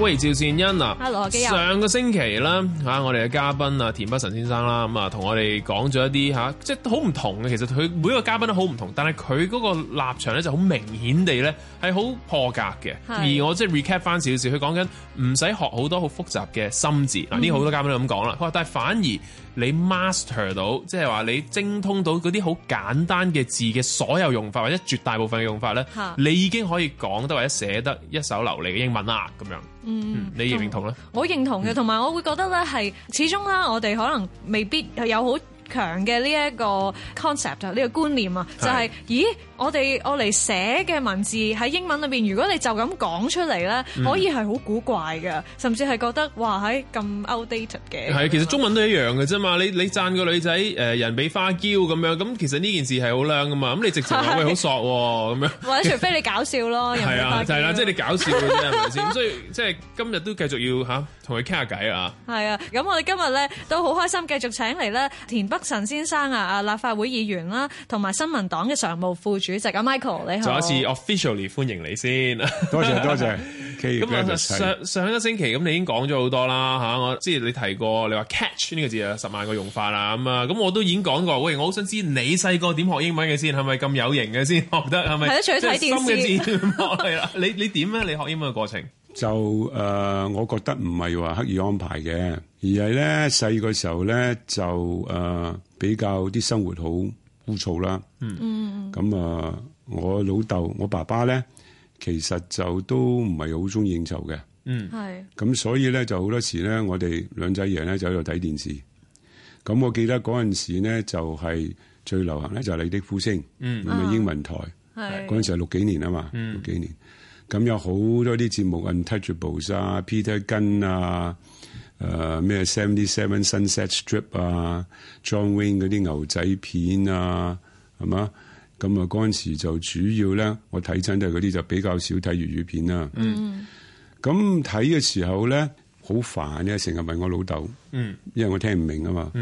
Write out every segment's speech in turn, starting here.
喂，趙善恩嗱、啊，Hello，上個星期啦，嚇、嗯啊，我哋嘅嘉賓啊，田北辰先生啦，咁啊，同我哋講咗一啲嚇、啊，即係好唔同嘅。其實佢每一個嘉賓都好唔同，但係佢嗰個立場咧就好明顯地咧係好破格嘅。是而我即係 recap 翻少少，佢講緊唔使學好多好複雜嘅心字嗱，呢好、嗯、多嘉賓都咁講啦。佢話，但係反而。你 master 到，即係話你精通到嗰啲好簡單嘅字嘅所有用法或者絕大部分嘅用法咧，是你已經可以講得或者寫得一手流利嘅英文啦，咁樣。嗯，嗯，你認唔認同咧？我認同嘅，同埋我會覺得咧，係始終啦，我哋可能未必有好。強嘅呢一個 concept 啊，呢、這個觀念啊，就係、是，是咦，我哋我嚟寫嘅文字喺英文裏邊，如果你就咁講出嚟咧，可以係好古怪嘅，甚至係覺得哇喺咁 outdated 嘅。係啊，其實中文都一樣嘅啫嘛。你你讚個女仔誒、呃、人比花嬌咁樣，咁其實呢件事係好靚噶嘛。咁你直接會好索喎咁樣。或者除非你搞笑咯，係啊，就係啦，即係你搞笑嘅啫，係咪先？所以即係、就是、今日都繼續要嚇。同佢傾下偈啊！係啊，咁我哋今日咧都好開心，繼續請嚟咧田北辰先生啊，阿立法會議員啦，同埋新民黨嘅常務副主席啊，Michael，你好！再一次 officially 歡迎你先，多謝多謝，上上一個星期咁，你已經講咗好多啦嚇，我之前你提過，你話 catch 呢個字啊，十萬個用法啦咁啊，咁我都已經講過，喂，我好想知你細個點學英文嘅先，係咪咁有型嘅先學得，係咪？係啦，除咗睇電視。你你點咧？你學英文嘅過程？就誒、呃，我覺得唔係話刻意安排嘅，而係咧細個時候咧就誒、呃、比較啲生活好枯燥啦。嗯嗯咁啊，我老豆我爸爸咧，其實就都唔係好中意應酬嘅。嗯，係。咁所以咧就好多時咧，我哋兩仔爺咧就喺度睇電視。咁我記得嗰陣時咧就係最流行咧就係麗的呼聲。嗯，咪英文台。係、嗯。嗰、啊、陣時係六幾年啊嘛。嗯、六幾年。咁有好多啲節目，Untouchables 啊，Peter Gunn 啊，誒咩77 Sunset Strip 啊，John Wayne 嗰啲牛仔片啊，係嘛？咁啊嗰陣時就主要咧，我睇親都係嗰啲就比較少睇粵語片啦。嗯，咁睇嘅時候咧。好煩呢！成日問我老豆，因為我聽唔明啊嘛。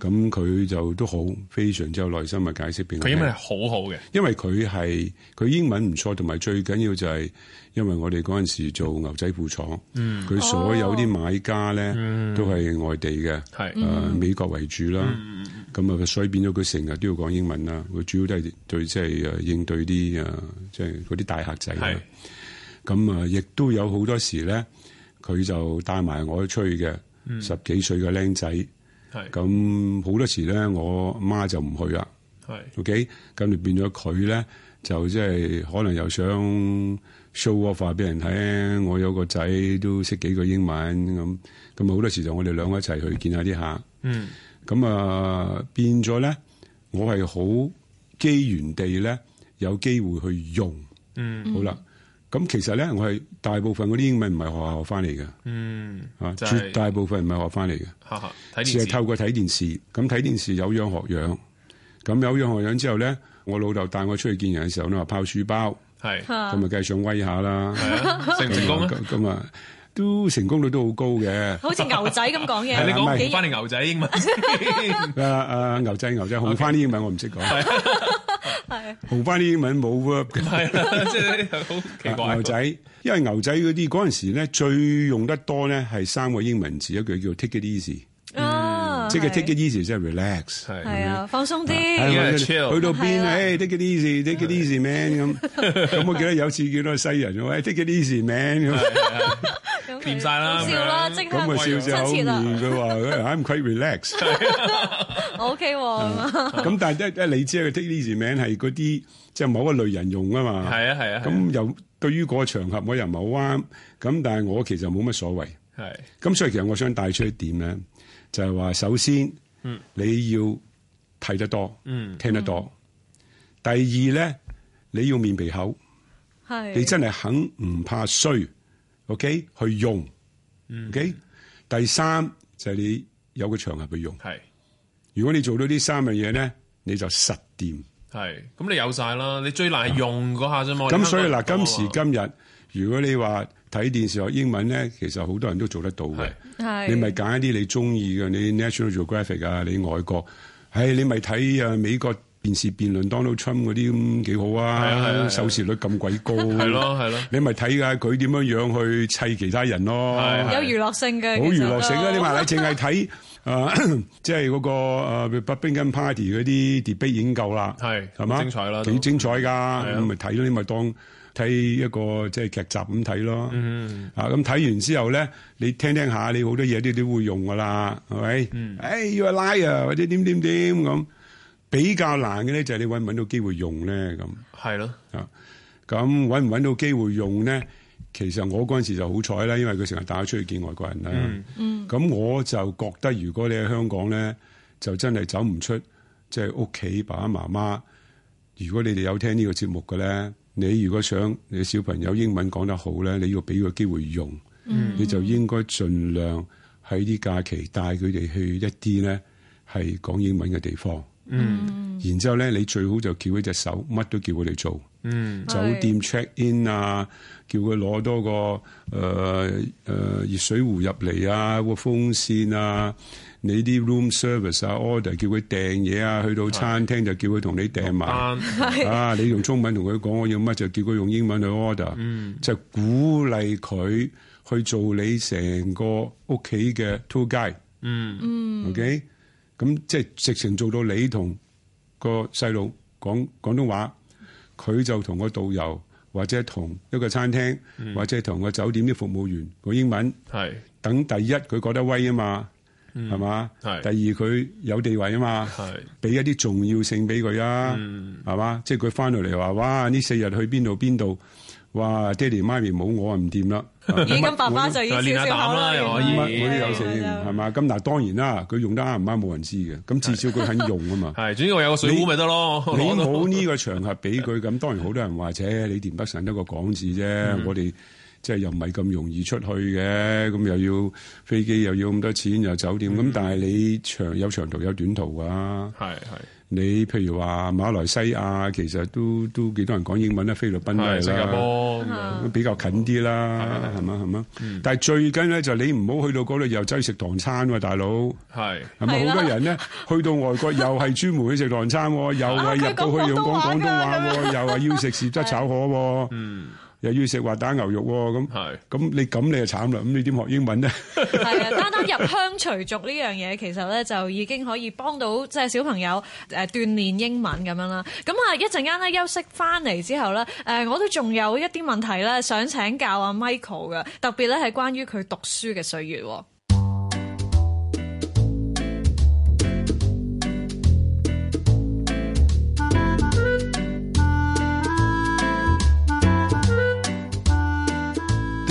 咁佢就都好非常之有耐心，咪解釋俾我聽。佢英文係好好嘅，因為佢係佢英文唔錯，同埋最緊要就係，因為我哋嗰陣時做牛仔褲廠，佢所有啲買家咧都係外地嘅，係誒美國為主啦。咁啊，所以變咗佢成日都要講英文啦。佢主要都係對即係誒應對啲啊，即係嗰啲大客仔。咁啊，亦都有好多時咧。佢就帶埋我出去嘅，嗯、十幾歲嘅僆仔，咁好是多時咧，我媽就唔去啦。是 OK，咁就變咗佢咧，就即係可能又想 show off 啊俾人睇。我有個仔都識幾個英文，咁咁好多時就我哋兩個一齊去見下啲客。咁啊、嗯呃，變咗咧，我係好機緣地咧，有機會去用。嗯、好啦。咁其實咧，我係大部分嗰啲英文唔係學校學翻嚟嘅，嗯，啊，絕大部分唔係學翻嚟嘅，嚇嚇，淨係透過睇電視，咁睇電視有樣學樣，咁有樣學樣之後咧，我老豆帶我出去見人嘅時候咧，話泡書包，係，同埋繼續威下啦，成功咩？咁啊，都成功率都好高嘅，好似牛仔咁講嘢，你講翻嚟牛仔英文，阿阿牛仔牛仔，學翻啲英文我唔識講。係啊，學翻啲英文冇 verb 嘅，係啦，即係呢啲好奇怪。牛仔，因為牛仔嗰啲嗰陣時咧最用得多咧係三個英文字，一句叫 Take it easy。即係 take it easy，即係 relax。係啊，放鬆啲，去到邊啊？誒，take it easy，take it easy man 咁。咁我記得有次見到西人，我話 take it easy man 咁，變晒啦，笑啦，即刻出面佢話 I'm quite relaxed。OK。咁但係即係即係你知啊，take it easy man 係嗰啲即係某一個類人用啊嘛。係啊，係啊。咁又對於嗰個場合我又唔係好啱。咁但係我其實冇乜所謂。係。咁所以其實我想帶出一點咧。就係話，首先，嗯，你要睇得多，嗯，聽得多。第二咧，你要面皮厚，係，你真係肯唔怕衰，OK，去用，OK。第三就係你有個場合去用，係。如果你做到呢三樣嘢咧，你就實掂。係，咁你有晒啦，你最難係用嗰下啫嘛。咁所以嗱，今時今日，如果你話，睇電視學英文咧，其實好多人都做得到嘅。你咪揀一啲你中意嘅，你 National Geographic 啊，你外國，係你咪睇啊美國電視辯論 Donald Trump 嗰啲幾好啊，收視率咁鬼高。係咯係咯，你咪睇下佢點樣樣去砌其他人咯。有娛樂性嘅，好娛樂性啊！你話你淨係睇啊，即係嗰個北冰跟 Party 嗰啲 debate 已經夠啦，係係嘛？精彩啦，幾精彩㗎！咁咪睇咯，你咪當。睇一個即係劇集咁睇咯，mm hmm. 啊咁睇完之後咧，你聽聽下，你好多嘢啲都會用噶啦，係咪？誒要 a liar 或者點點點咁比較難嘅咧，就係你揾唔揾到機會用咧咁。係咯了、啊，啊咁揾唔揾到機會用咧，其實我嗰陣時就好彩啦，因為佢成日帶我出去見外國人啦。咁、mm hmm. 我就覺得如果你喺香港咧，就真係走唔出，即係屋企爸爸媽媽。如果你哋有聽呢個節目嘅咧。你如果想你小朋友英文講得好咧，你要俾個機會用，嗯、你就應該盡量喺啲假期帶佢哋去一啲咧係講英文嘅地方。嗯，然之後咧，你最好就叫佢隻手，乜都叫佢哋做。嗯，酒店 check in 啊，叫佢攞多個誒誒、呃呃、熱水壺入嚟啊，個風扇啊。你啲 room service 啊，order 叫佢訂嘢啊，去到餐廳就叫佢同你訂埋的啊。你用中文同佢講我要乜，就叫佢用英文去 order、嗯、就鼓勵佢去做你成個屋企嘅 tour guide。嗯嗯，OK，咁即係直情做到你同個細路講廣東話，佢就同個導遊或者同一個餐廳、嗯、或者同個酒店啲服務員講英文，係的等第一佢覺得威啊嘛。係嘛？第二佢有地位啊嘛，俾一啲重要性俾佢啊，係嘛？即係佢翻到嚟話：，哇！呢四日去邊度邊度？哇！爹哋媽咪冇我啊，唔掂啦！咁爸爸就要練下膽啦，係嘛？咁但，當然啦，佢用得啱唔啱，冇人知嘅。咁至少佢肯用啊嘛。係，總之我有個水壺咪得咯。你冇呢個場合俾佢咁，當然好多人話：，啫，你掂不神得個講字啫。我哋。即係又唔係咁容易出去嘅，咁又要飛機又要咁多錢，又酒店咁。但係你長有長途有短途啊。係係。你譬如話馬來西亞，其實都都幾多人講英文啊，菲律賓都係，新加坡咁是比較近啲啦，係嘛係嘛。嗎嗯、但係最緊咧就是、你唔好去到嗰度又走去食唐餐喎、啊，大佬。係是。係。係咪好多人咧 去到外國又係專門去食唐餐、啊，又係入到去用講廣東話的，又係要食豉汁炒河、啊。嗯。 又要食滑蛋牛肉喎，咁，咁是你咁你就慘啦，咁你點學英文呢？係 啊，單單入鄉隨俗呢樣嘢，其實咧就已經可以幫到即係小朋友誒鍛鍊英文咁樣啦。咁啊一陣間咧休息翻嚟之後咧，誒我都仲有一啲問題咧想請教阿 Michael 嘅，特別咧係關於佢讀書嘅歲月。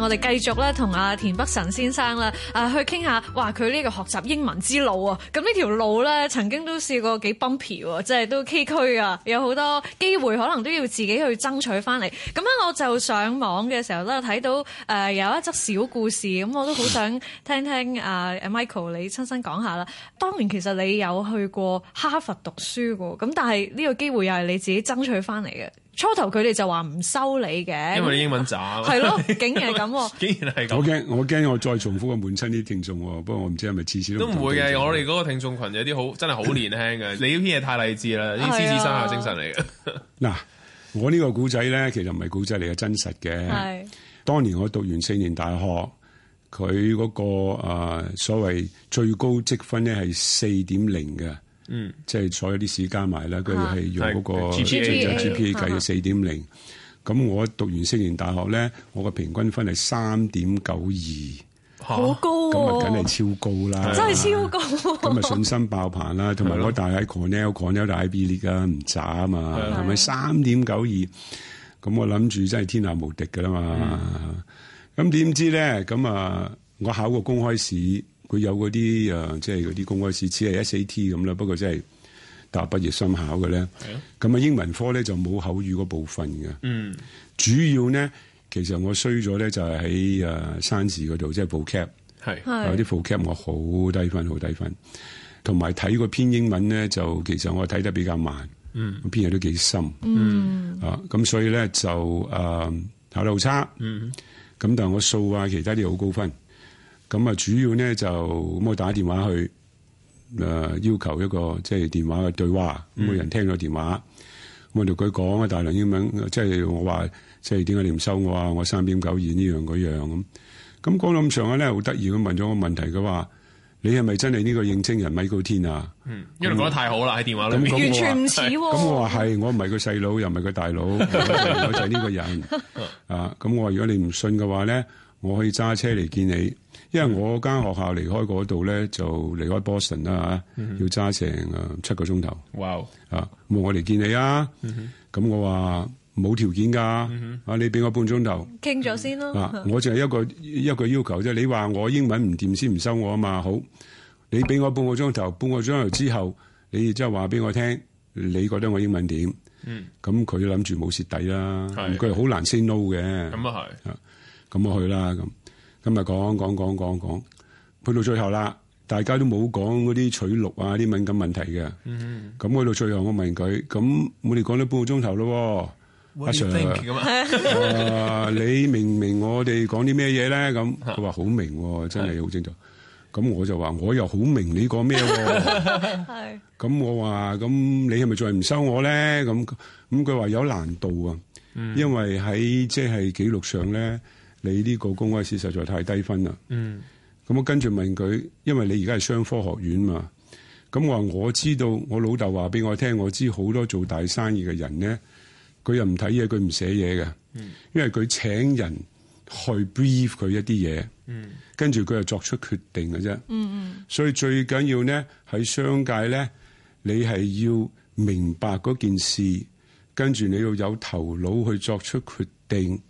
我哋繼續咧同阿田北辰先生咧，誒去傾下，話佢呢個學習英文之路啊，咁呢條路咧，曾經都試過幾 bumpy，即係都崎嶇啊，有好多機會可能都要自己去爭取翻嚟。咁、嗯、咧，我就上網嘅時候咧，睇到誒、呃、有一則小故事，咁、嗯、我都好想聽聽阿、呃、Michael 你親身講下啦。當然，其實你有去過哈佛讀書嘅，咁、嗯、但係呢個機會又係你自己爭取翻嚟嘅。初頭佢哋就話唔收你嘅，因為你英文渣。係咯， 竟然係咁。 竟然係咁。我驚我驚我再重複啊，滿親啲聽眾。不過我唔知係咪次次都。都唔會嘅，我哋嗰個聽眾群有啲好真係好年輕嘅。你呢篇嘢太勵志啦，呢啲獅子山下精神嚟嘅。嗱，我呢個古仔咧，其實唔係古仔嚟嘅，真實嘅。係是。當年我讀完四年大學，佢嗰、嗰個誒、呃、所謂最高積分咧係四點零嘅。嗯，即係所有啲試加埋啦，佢哋係用嗰個 GPA 計嘅四點零。咁我讀完聖賢大學咧，我個平均分係三點九二，好高，咁啊梗係超高啦，真係超高。咁啊信心爆棚啦，同埋攞大 I Cornell，Cornell 大畢業噶，唔渣啊嘛，係咪三點九二？咁我諗住真係天下無敵噶啦嘛。咁點知咧？咁啊，我考個公開試。佢有嗰啲誒，即係啲公開試，只係 SAT 咁啦。不過真係大學畢業生考嘅咧。咁啊，英文科咧就冇口語嗰部分嘅。嗯，主要咧，其實我衰咗咧，就係喺誒生字嗰度，即係部 cap。係是，有啲部 cap 我好低分，好低分。同埋睇個篇英文咧，就其實我睇得比較慢。篇嘢、嗯、都幾深。嗯，嗯啊，咁所以咧就誒、嗯，考得好差。咁但係我數啊，其他啲好高分。咁啊，主要咧就咁，我打電話去，誒要求一個即係電話嘅對話，冇個人聽咗電話，我同佢講啊，大量英文，即係我話，即係點解你唔收我啊？我三點九二呢樣嗰樣咁。咁講到咁上下咧，好得意咁問咗我問題，佢話：你係咪真係呢個認清人米高田啊？嗯，因為講得太好啦喺電話裏面，完全唔似喎。咁我話係，我唔係個細佬，又唔係個大佬，我就係呢個人啊。咁我話如果你唔信嘅話咧，我可以揸車嚟見你。因為我間學校離開嗰度咧，就離開 Boston 啦嚇，要揸成啊七個鐘頭。哇！啊，Wow. 啊我嚟見你啊！咁、mm hmm. 啊、我話冇條件㗎，啊你俾我半鐘頭傾咗先咯、啊。我就係一個一個要求即啫。你話我英文唔掂先唔收我啊嘛。好，你俾我半個鐘頭，半個鐘頭之後，你即係話俾我聽，你覺得我英文點？嗯、mm，咁佢諗住冇蝕底啦，佢、啊、好的難先 a 嘅。咁啊係，咁我去啦咁。啊啊啊啊今日講講講講講，去到最後啦，大家都冇講嗰啲取錄啊，啲敏感問題嘅。嗯，咁去到最後，我問佢，咁我哋講咗半個鐘頭咯。阿 Sir，你明唔明我哋講啲咩嘢咧？咁佢話好明，真係好清楚。咁我就話我又好明你講咩？係。咁我話咁你係咪再唔收我咧？咁咁佢話有難度啊，因為喺即係記錄上咧。你呢個公開試實在太低分啦！嗯，咁我跟住問佢，因為你而家係商科學院嘛，咁我話我知道，我老豆話俾我聽，我知好多做大生意嘅人咧，佢又唔睇嘢，佢唔寫嘢嘅，嗯，因為佢請人去 brief 佢一啲嘢，跟住佢又作出決定嘅啫。嗯嗯，所以最緊要咧喺商界咧，你係要明白嗰件事，跟住你要有頭腦去作出決定。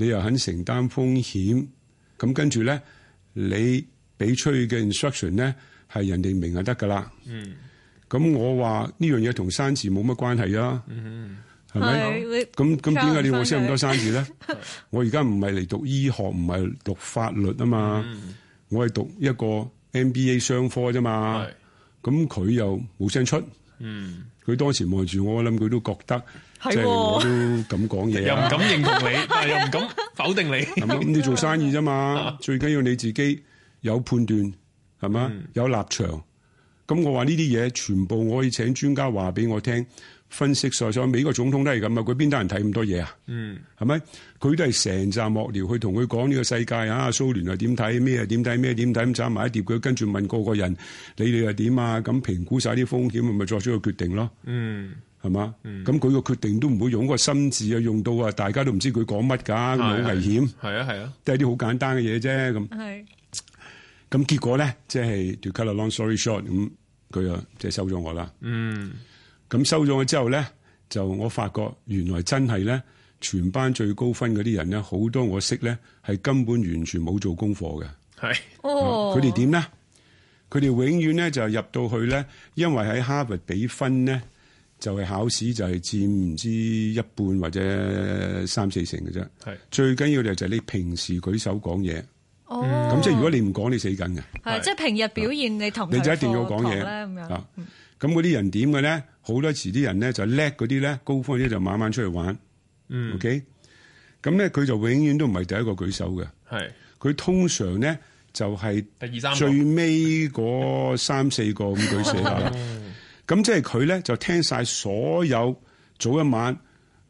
你又肯承擔風險，咁跟住咧，你俾出去嘅 instruction 咧，係人哋明就得噶啦。嗯，咁我話呢樣嘢同生字冇乜關係啊。嗯，係咪？咁咁點解你要識咁多生字咧？嗯、哼我而家唔係嚟讀醫學，唔係讀法律啊嘛。嗯、我係讀一個 MBA 商科啫嘛。係、嗯哼。咁佢又冇聲出。嗯。佢當時望住我，我諗佢都覺得。即係， 就是，我都咁講嘢， 又唔敢認同你，但係又唔敢否定你。咁 你做生意啫嘛， 最緊要你自己有判斷，係嘛、嗯、有立場。咁我話呢啲嘢全部我可以請專家話俾我聽，分析晒晒。美國總統都係咁啊，佢邊得人睇咁多嘢啊？嗯，係咪佢都係成紮幕僚去同佢講呢個世界啊？蘇聯啊點睇咩啊？點睇咩點睇咁紮埋一疊，佢跟住問個個人，你哋又點啊？咁評估晒啲風險，咪作出個決定咯。嗯。係嘛？咁佢個決定都唔會用嗰個心字啊，用到啊，大家都唔知佢講乜噶，咁好的危險。係啊係啊，都係啲好簡單嘅嘢啫。咁，咁的結果咧，即係 to cut a long story short，咁佢啊，即係收咗我啦。嗯，咁收咗我之後咧，就我發覺原來真係咧，全班最高分嗰啲人咧，好多我識咧，係根本完全冇做功課嘅。係的哦，佢哋點咧？佢哋永遠咧就入到去咧，因為喺 Harvard 俾分咧。就係考試，就係佔唔知一半或者三四成嘅啫。係最緊要就係你平時舉手講嘢。哦，咁即係如果你唔講，你死緊嘅。係即係平日表現，你同佢講嘢咧咁樣。啊，咁嗰啲人點嘅咧？好多時啲人咧就叻嗰啲咧，高分咧就晚晚出去玩。嗯，OK。咁咧佢就永遠都唔係第一個舉手嘅。係佢通常咧就係第二三最尾嗰三四個咁舉手。咁即係佢咧，就聽晒所有早一晚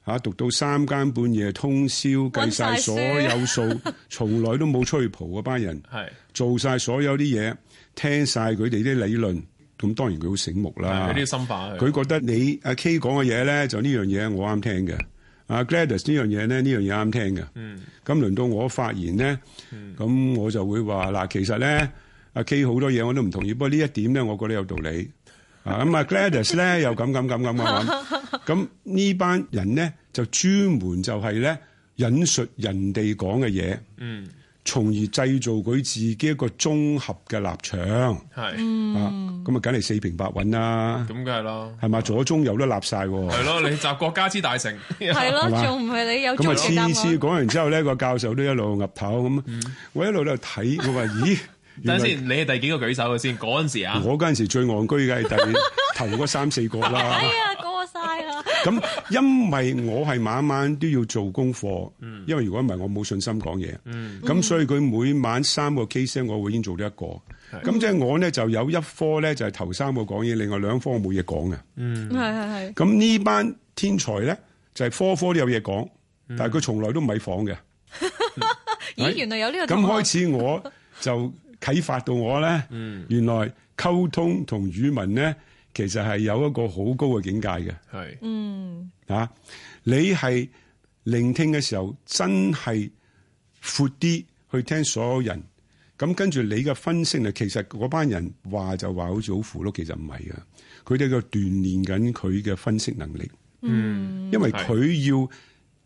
嚇、啊、讀到三更半夜通宵，計晒所有數， 從來都冇出去蒲嗰、 啊、班人，是做晒所有啲嘢，聽晒佢哋啲理論。咁當然佢好醒目啦，啲心法佢覺得你阿的 K 講嘅嘢咧，就呢樣嘢我啱聽嘅。阿 Gladys 呢樣嘢咧，呢樣嘢啱聽嘅。嗯。咁輪到我發言咧，咁、嗯、我就會話嗱，其實咧阿 K 好多嘢我都唔同意，不過呢一點咧，我覺得有道理，有道理。 啊咁 啊，Gladys 咧又咁咁咁咁啊咁，呢班人咧就專門就係咧引述人哋講嘅嘢，嗯，從而製造佢自己一個綜合嘅立場，係，啊，咁啊梗係四平八穩啦、啊，咁梗係咯，係咪左中右都立晒喎、啊？係咯， 你集國家之大成，係咯，仲唔係你有綜合咁啊，次次講完之後咧，個教授都一路岌頭咁，我一路喺度睇，我話咦。等先，你係第幾個舉手嘅先？嗰陣時啊，我嗰陣時最戇居，梗係第頭嗰三四個啦。係啊，過晒啦。咁因為我係晚晚都要做功課，因為如果唔係，我冇信心講嘢。咁所以佢每晚三個 case，我會已經做咗一個。咁即係我咧就有一科咧就係頭三個講嘢，另外兩科我冇嘢講嘅。嗯，係係係。咁呢班天才咧就係科科都有嘢講，但係佢從來都唔係謊嘅。咦？原來有呢個咁開始，我就。啟發到我咧，嗯、原來溝通同語文咧，其實係有一個好高嘅境界嘅。係，嗯，啊，你係聆聽嘅時候，真係闊啲去聽所有人，咁跟住你嘅分析咧，其實嗰班人話就話好似好符碌，其實唔係噶，佢哋喺度鍛鍊緊佢嘅分析能力。嗯，因為佢要，嗯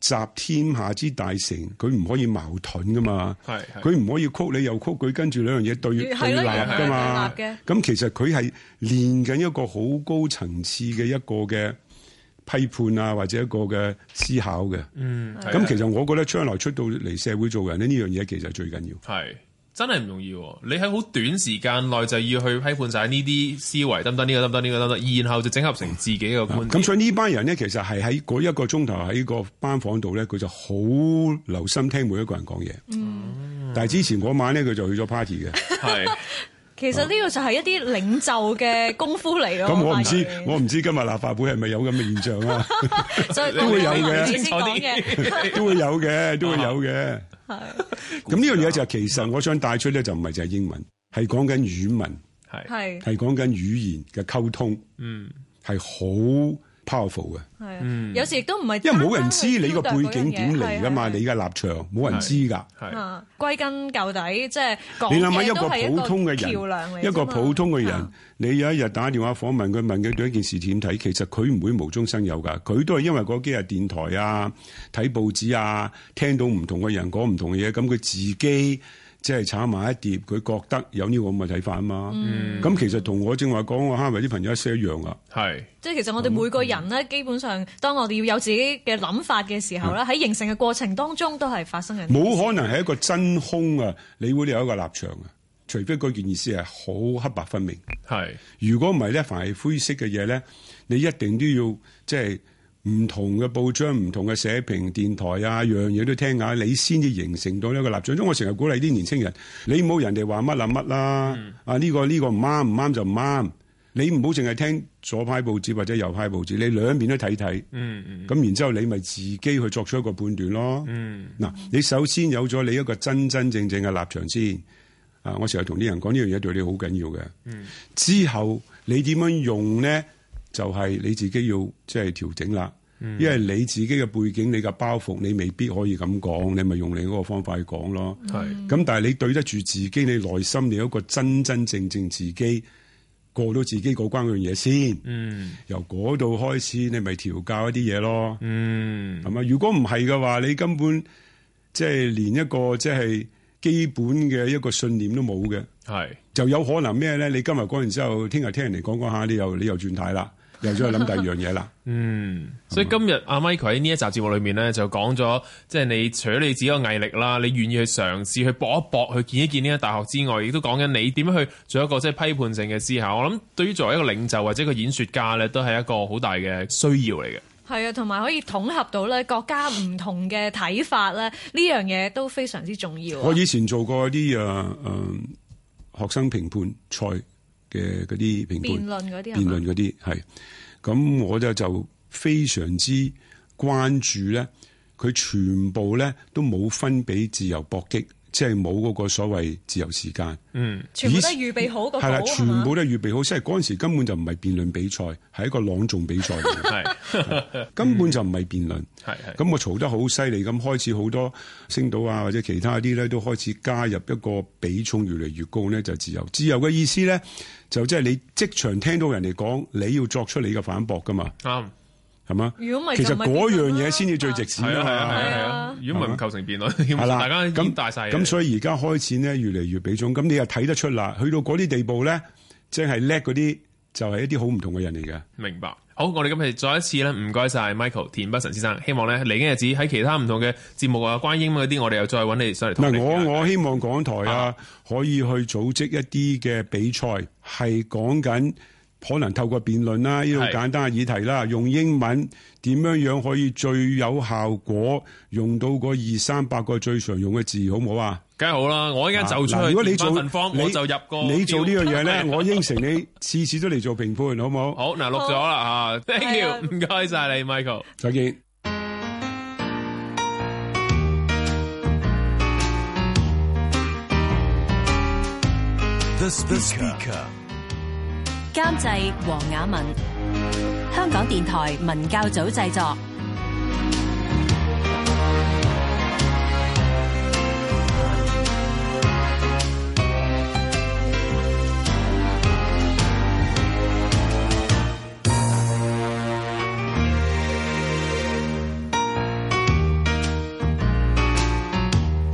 集天下之大成，佢唔可以矛盾噶嘛，佢唔可以曲你又曲佢，跟住兩樣嘢對立噶嘛。咁其實佢係練緊一個好高層次嘅一個嘅批判啊，或者一個嘅思考嘅。咁、嗯嗯、其實我覺得將來出到嚟社會做人咧，呢樣嘢其實最緊要。真係唔容易，啊，你喺好短時間內就要去批判晒呢啲思維，得唔得？呢個，得唔得？呢個，得唔得？然後就整合成自己嘅觀點。咁所以呢班人咧， 其實係喺嗰一個鐘頭喺個班房度咧，佢就好留心聽每一個人講嘢。但係之前嗰晚咧，佢就去咗 party 嘅。係。其實呢個就係一啲領袖嘅功夫嚟咯。咁 我唔以知， 我唔知今日立法會係咪有咁嘅現象啊。 都會有嘅，都會有嘅，都會有嘅。係，咁呢樣嘢就係其實我想帶出咧，就唔係就係英文，係講緊語文，係係係講緊語言嘅溝通，嗯是，係好。powerful 嘅，有時亦都唔係，嗯、因為冇人知你個背景點嚟噶嘛，的你嘅立場冇人知㗎。係啊，歸根究底即係，就是、你諗下一個普通嘅人，一個普通嘅人，你有一日打電話訪問佢，他問佢對一件事點睇，其實佢唔會無中生有㗎，佢都係因為嗰幾日電台啊、睇報紙啊、聽到唔同嘅人講唔同嘅嘢，咁佢自己。即係炒埋一碟，佢覺得有呢個咁嘅睇法啊嘛。咁、嗯、其實同我正話講我哈佛啲朋友一些一樣啊。係是，即係其實我哋每個人咧，嗯、基本上當我哋要有自己嘅諗法嘅時候咧，喺是形成嘅過程當中都係發生嘅。冇可能係一個真空啊！你會有一個立場啊，除非嗰件意思係好黑白分明。係是，如果唔係咧，凡係灰色嘅嘢咧，你一定都要即係。唔同嘅報章、唔同嘅社評、電台啊，樣樣嘢都聽下，你先至形成到呢個立場。咁我成日鼓勵啲年青人，你唔好人哋話乜立乜啦，嗯、啊呢、這個呢、這個唔啱，唔啱就唔啱。你唔好淨係聽左派報紙或者右派報紙，你兩邊都睇睇，嗯。嗯嗯。咁然之後你咪自己去作出一個判斷咯。嗯。嗱、啊，你首先有咗你一個真真正正嘅立場先。啊，我成日同啲人講呢樣嘢，對你好緊要嘅。嗯。之後你點樣用咧？就係你自己要即係調整啦，嗯、因為你自己嘅背景、你嘅包袱，你未必可以咁講，你咪用你嗰個方法去講咯。係、嗯，咁但係你對得住自己，你內心你有一個真真正正自己過到自己嗰關嗰樣嘢先。嗯，由嗰度開始，你咪調教一啲嘢咯。嗯，係嘛？如果唔係嘅話，你根本即係、就是、連一個即係、就是、基本嘅一個信念都冇嘅，係、嗯、就有可能咩咧？你今日講完之後，聽日聽人哋講講下，你又你又轉態啦。又去諗第二樣嘢啦。 嗯，所以今日阿 Mike 喺呢一集節目裏面咧，就講咗，即係你除咗你自己個毅力啦，你願意去嘗試去搏一搏，去見一見呢個大學之外，亦都講緊你點樣去做一個即係批判性嘅思考。我諗對於作為一個領袖或者一個演說家咧，都係一個好大嘅需要嚟嘅。係啊，同埋可以統合到咧國家唔同嘅睇法咧，呢 樣嘢都非常之重要啊。我以前做過一啲啊，嗯、呃，學生評判賽。嘅嗰啲評判，辯論嗰啲，辯論嗰啲係，咁我就就非常之關注咧，佢全部咧都冇分俾自由搏擊。即係冇嗰個所謂自由時間，嗯，以全部都預備好個稿啊嘛，係啦，是是全部都預備好，吧即係嗰陣時根本就唔係辯論比賽，係一個朗誦比賽，係 根本就唔係辯論，係係、嗯，咁我嘈得好犀利，咁開始好多星島啊或者其他啲咧都開始加入一個比重越嚟越高咧，就是、自由，自由嘅意思咧就即係你即場聽到人哋講，你要作出你嘅反駁噶嘛，啱、嗯。係嘛？其實嗰樣嘢先至最值錢。係啊係啊係啊！如果唔係唔構成辯論，大家咁大細。咁所以而家開始咧，越嚟越比重。咁你又睇得出啦。去到嗰啲地步咧，即係叻嗰啲，就係一啲好唔同嘅人嚟嘅。明白。好，我哋今日再一次咧，唔該晒 Michael 田北辰先生。希望咧嚟緊日子喺其他唔同嘅節目啊、關英啊嗰啲，我哋又再揾你上嚟。我，我希望港台啊，可以去組織一啲嘅比賽，係講緊。可能透過辯論啦，呢種簡單嘅議題啦，用英文點樣樣可以最有效果，用到嗰二三百個最常用嘅字，好唔好啊？梗係好啦，我依家就出去。如果你做，文方，我就入個，你做呢樣嘢咧，我應承你次次都嚟做評判，好唔好？好嗱，錄咗啦嚇，Thank you，唔該晒你，Michael，再見。The speaker。監製黃雅文，香港電台文教組製作。